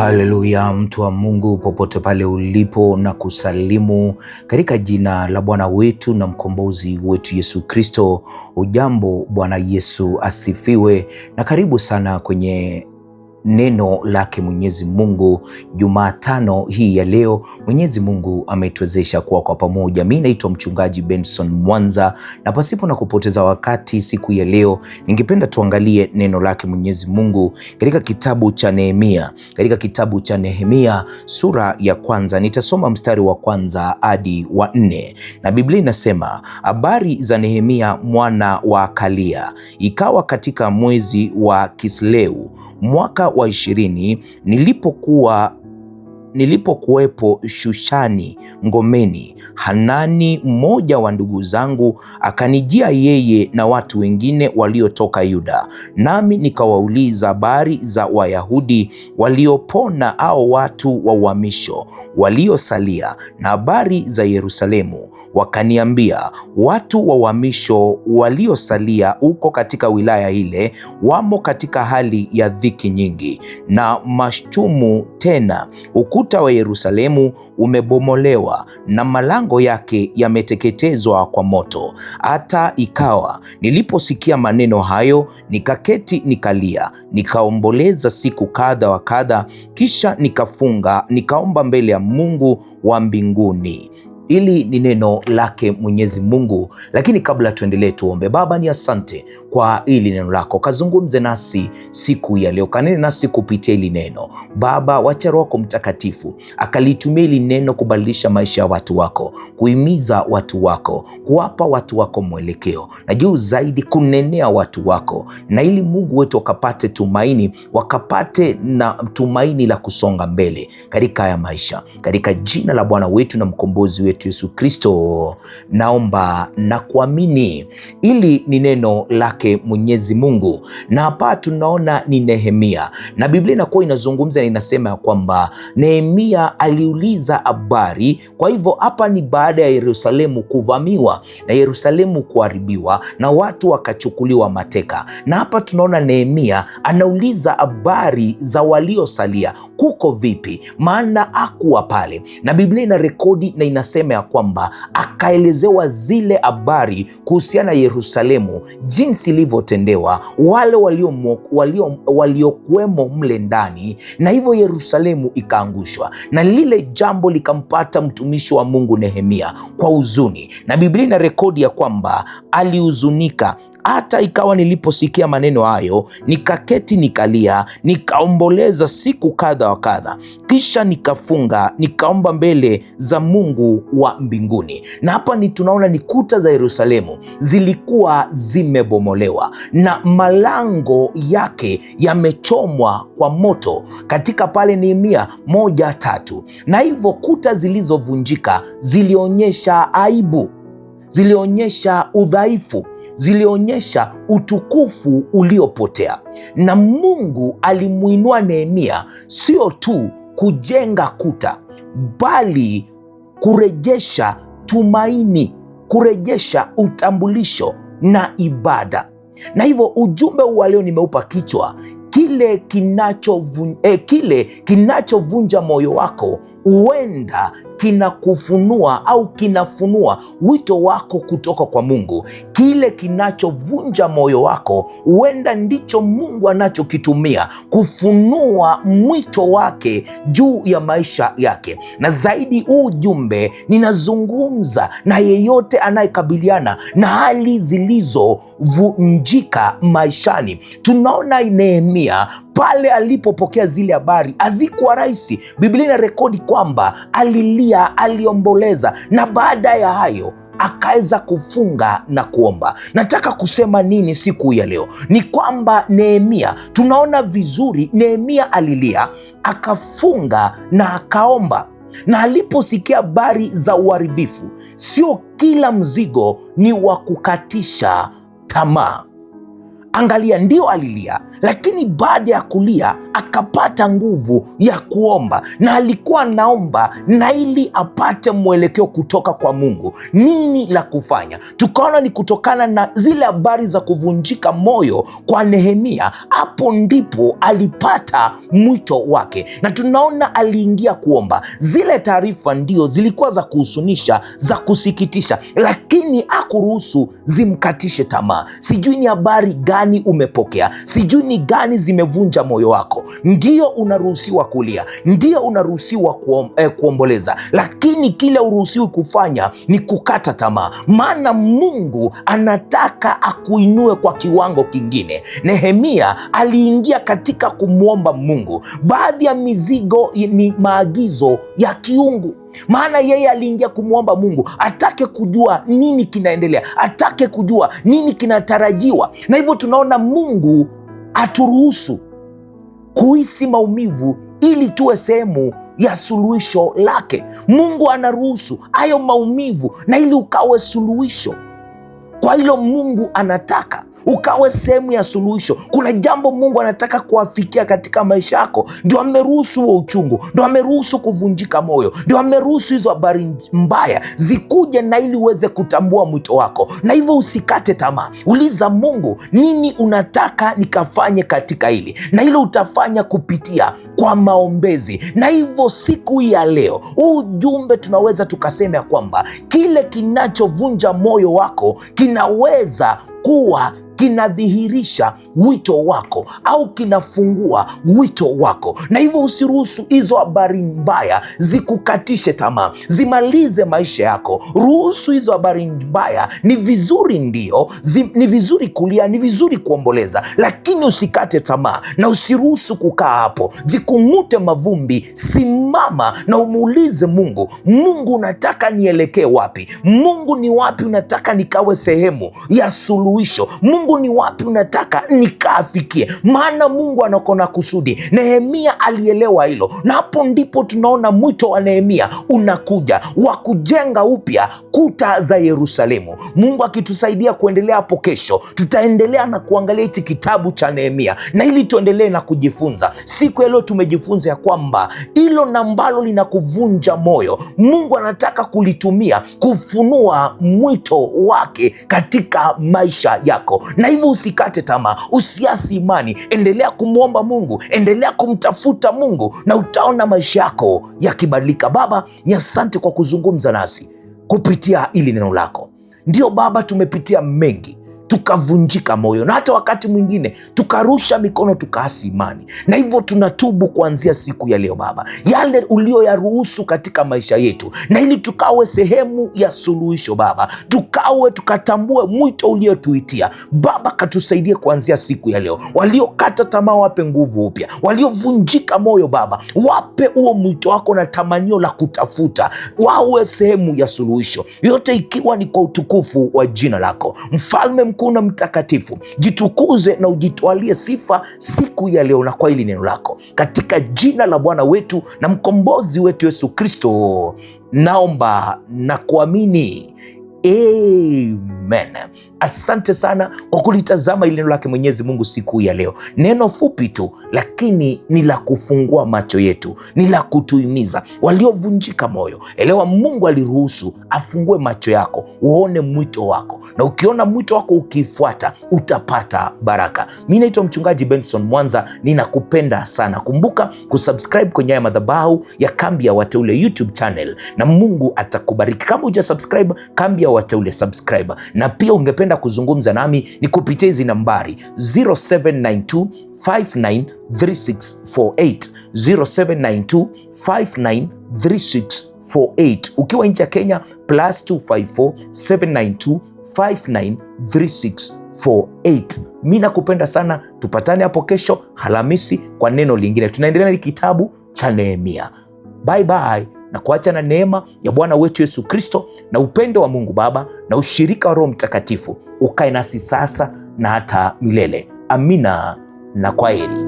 Haleluya, mtu wa Mungu popote pale ulipo, na kusalimu katika jina la Bwana wetu na mkombozi wetu Yesu Kristo. Ujambo, Bwana Yesu asifiwe, na karibu sana kwenye Neno lake Mwenyezi Mungu Jumatano hii ya leo, Mwenyezi Mungu ametuwezesha kuwa kwa pamoja. mi naitwa mchungaji Benson Mwanza, na pasipo na kupoteza wakati, siku ya leo ningependa tuangalie neno lake Mwenyezi Mungu katika kitabu cha Nehemia, katika kitabu cha Nehemia sura ya kwanza. Nitasoma mstari wa kwanza hadi wa nne, na Biblia inasema habari za Nehemia mwana wa Akalia, ikawa katika mwezi wa Kisleu mwaka wa ishirini nilipokuwa nilipokuwepo Shushani ngomeni, Hanani mmoja wa ndugu zangu akanijia yeye na watu wengine waliotoka Yuda, nami nikawauliza habari za Wayahudi waliopona au watu wa uhamisho waliosalia na habari za Yerusalemu. Wakaniambia, watu wa uhamisho waliosalia huko katika wilaya ile wamo katika hali ya dhiki nyingi na mashtumu, tena uku ukuta wa Yerusalemu umebomolewa na malango yake yameteketezwa kwa moto. Hata ikawa niliposikia maneno hayo, nikaketi nikalia, nikaomboleza siku kadha wa kadha, kisha nikafunga, nikaomba mbele ya Mungu wa mbinguni. Hili ni neno lake Mwenyezi Mungu, lakini kabla tuendelee, tuombe. Baba, ni asante kwa hili neno lako, kazungumze nasi siku ya leo, kanene nasi kupitia hili neno Baba. Wacha Roho Mtakatifu akalitumia hili neno kubadilisha maisha ya watu wako, kuhimiza watu wako, kuwapa watu wako mwelekeo na juu zaidi kunenea watu wako, na ili Mungu wetu wakapate tumaini, wakapate na tumaini la kusonga mbele katika haya maisha, katika jina la Bwana wetu na mkombozi wetu wetu Yesu Kristo, naomba na kuamini. Ili ni neno lake Mwenyezi Mungu, na hapa tunaona ni Nehemia, na Biblia inakuwa inazungumza na inasema ya kwamba Nehemia aliuliza habari. Kwa hivyo hapa ni baada ya Yerusalemu kuvamiwa na Yerusalemu kuharibiwa na watu wakachukuliwa mateka, na hapa tunaona Nehemia anauliza habari za waliosalia, kuko vipi? Maana akuwa pale, na Biblia ina rekodi na inasema anasema ya kwamba akaelezewa zile habari kuhusiana na Yerusalemu, jinsi ilivyotendewa wale waliokuwemo walio, walio mle ndani, na hivyo Yerusalemu ikaangushwa, na lile jambo likampata mtumishi wa Mungu Nehemia kwa huzuni, na Biblia ina rekodi ya kwamba alihuzunika hata ikawa niliposikia maneno hayo nikaketi nikalia, nikaomboleza siku kadha wa kadha, kisha nikafunga nikaomba mbele za Mungu wa mbinguni. Na hapa ni tunaona ni kuta za Yerusalemu zilikuwa zimebomolewa na malango yake yamechomwa kwa moto katika pale Nehemia moja tatu, na hivyo kuta zilizovunjika zilionyesha aibu zilionyesha udhaifu zilionyesha utukufu uliopotea, na Mungu alimwinua Nehemia sio tu kujenga kuta, bali kurejesha tumaini, kurejesha utambulisho na ibada. Na hivyo ujumbe huu wa leo nimeupa kichwa kile kinachovunja eh, kile kinachovunja moyo wako huenda kinakufunua au kinafunua wito wako kutoka kwa Mungu. Kile kinachovunja moyo wako, huenda ndicho Mungu anachokitumia kufunua mwito wake juu ya maisha yake. Na zaidi, huu ujumbe ninazungumza na yeyote anayekabiliana na hali zilizovunjika maishani. Tunaona Nehemia pale alipopokea zile habari hazikuwa rahisi. Biblia ina rekodi kwamba alilia, aliomboleza na baada ya hayo akaweza kufunga na kuomba. Nataka kusema nini siku ya leo? Ni kwamba Nehemia, tunaona vizuri, Nehemia alilia, akafunga na akaomba, na aliposikia habari za uharibifu, sio kila mzigo ni wa kukatisha tamaa. Angalia, ndio alilia lakini baada ya kulia akapata nguvu ya kuomba, na alikuwa anaomba na ili apate mwelekeo kutoka kwa Mungu, nini la kufanya. Tukaona ni kutokana na zile habari za kuvunjika moyo kwa Nehemia, hapo ndipo alipata mwito wake, na tunaona aliingia kuomba. Zile taarifa ndio zilikuwa za kuhusunisha, za kusikitisha, lakini hakuruhusu zimkatishe tamaa. Sijui ni habari gani umepokea, sijui huzuni gani zimevunja moyo wako, ndio unaruhusiwa kulia, ndio unaruhusiwa kuom, eh, kuomboleza, lakini kile uruhusiwi kufanya ni kukata tamaa, maana Mungu anataka akuinue kwa kiwango kingine. Nehemia aliingia katika kumwomba Mungu. Baadhi ya mizigo ni maagizo ya kiungu maana yeye aliingia kumwomba Mungu atake kujua nini kinaendelea, atake kujua nini kinatarajiwa, na hivyo tunaona Mungu aturuhusu kuhisi maumivu ili tuwe sehemu ya suluhisho lake. Mungu anaruhusu hayo maumivu na ili ukawe suluhisho kwa hilo Mungu anataka ukawe sehemu ya suluhisho. Kuna jambo Mungu anataka kuafikia katika maisha yako, ndio ameruhusu huo uchungu, ndio ameruhusu kuvunjika moyo, ndio ameruhusu hizo habari mbaya zikuje, na ili uweze kutambua mwito wako, na hivyo usikate tamaa. Uliza Mungu, nini unataka nikafanye katika hili, na hilo utafanya kupitia kwa maombezi. Na hivyo siku ya leo, huu ujumbe tunaweza tukasema ya kwamba kile kinachovunja moyo wako kinaweza kuwa kinadhihirisha wito wako au kinafungua wito wako, na hivyo usiruhusu hizo habari mbaya zikukatishe tamaa, zimalize maisha yako. Ruhusu hizo habari mbaya. Ni vizuri ndio, zi, ni vizuri kulia, ni vizuri kuomboleza, lakini usikate tamaa na usiruhusu kukaa hapo. Jikung'ute mavumbi, simama na umuulize Mungu, Mungu unataka nielekee wapi? Mungu ni wapi unataka nikawe sehemu ya suluhu suluhisho. Mungu ni wapi unataka nikaafikie? Maana Mungu anakona kusudi. Nehemia alielewa hilo, na hapo ndipo tunaona mwito wa Nehemia unakuja wa kujenga upya kuta za Yerusalemu. Mungu akitusaidia kuendelea hapo, kesho tutaendelea na kuangalia hichi kitabu cha Nehemia, na ili tuendelee na kujifunza. Siku ya leo tumejifunza ya kwamba hilo na lina linakuvunja moyo, Mungu anataka kulitumia kufunua mwito wake katika maisha maisha yako, na hivyo usikate tamaa, usiasi imani, endelea kumwomba Mungu, endelea kumtafuta Mungu na utaona maisha yako yakibadilika. Baba, ni asante kwa kuzungumza nasi kupitia hili neno lako. ndio Baba, tumepitia mengi tukavunjika moyo, na hata wakati mwingine tukarusha mikono, tukaasi imani. Na hivyo tunatubu kuanzia siku ya leo, Baba, yale ulioyaruhusu katika maisha yetu, na ili tukawe sehemu ya suluhisho Baba, tukawe tukatambue mwito uliotuitia Baba, katusaidie kuanzia siku ya leo. Waliokata tamaa wape nguvu upya, waliovunjika moyo Baba wape huo mwito wako na tamanio la kutafuta, wawe sehemu ya suluhisho, yote ikiwa ni kwa utukufu wa jina lako Mfalme kuna mtakatifu. Jitukuze na ujitwalie sifa siku ya leo na kwa hili neno lako, katika jina la Bwana wetu na mkombozi wetu Yesu Kristo naomba na kuamini, amen. Asante sana kwa kulitazama ili neno lake Mwenyezi Mungu siku hii ya leo. Neno fupi tu, lakini ni la kufungua macho yetu, ni la kutuimiza waliovunjika moyo. Elewa Mungu aliruhusu afungue macho yako uone mwito wako, na ukiona mwito wako ukifuata, utapata baraka. Mi naitwa Mchungaji Benson Mwanza, ninakupenda sana. Kumbuka kusubscribe kwenye haya madhabahu ya Kambi ya Wateule YouTube channel, na Mungu atakubariki. Kama hujasubscribe Kambi ya Wateule, subscribe na pia ungependa ungependa kuzungumza nami ni kupitia hizi nambari 0792593648, 0792593648. Ukiwa nje ya Kenya plus 25479593648. Mi nakupenda sana, tupatane hapo kesho halamisi kwa neno lingine. Tunaendelea na kitabu cha Nehemia. Bye bye na kuacha na neema ya Bwana wetu Yesu Kristo na upendo wa Mungu Baba na ushirika wa Roho Mtakatifu ukae nasi sasa na hata milele. Amina na kwaheri.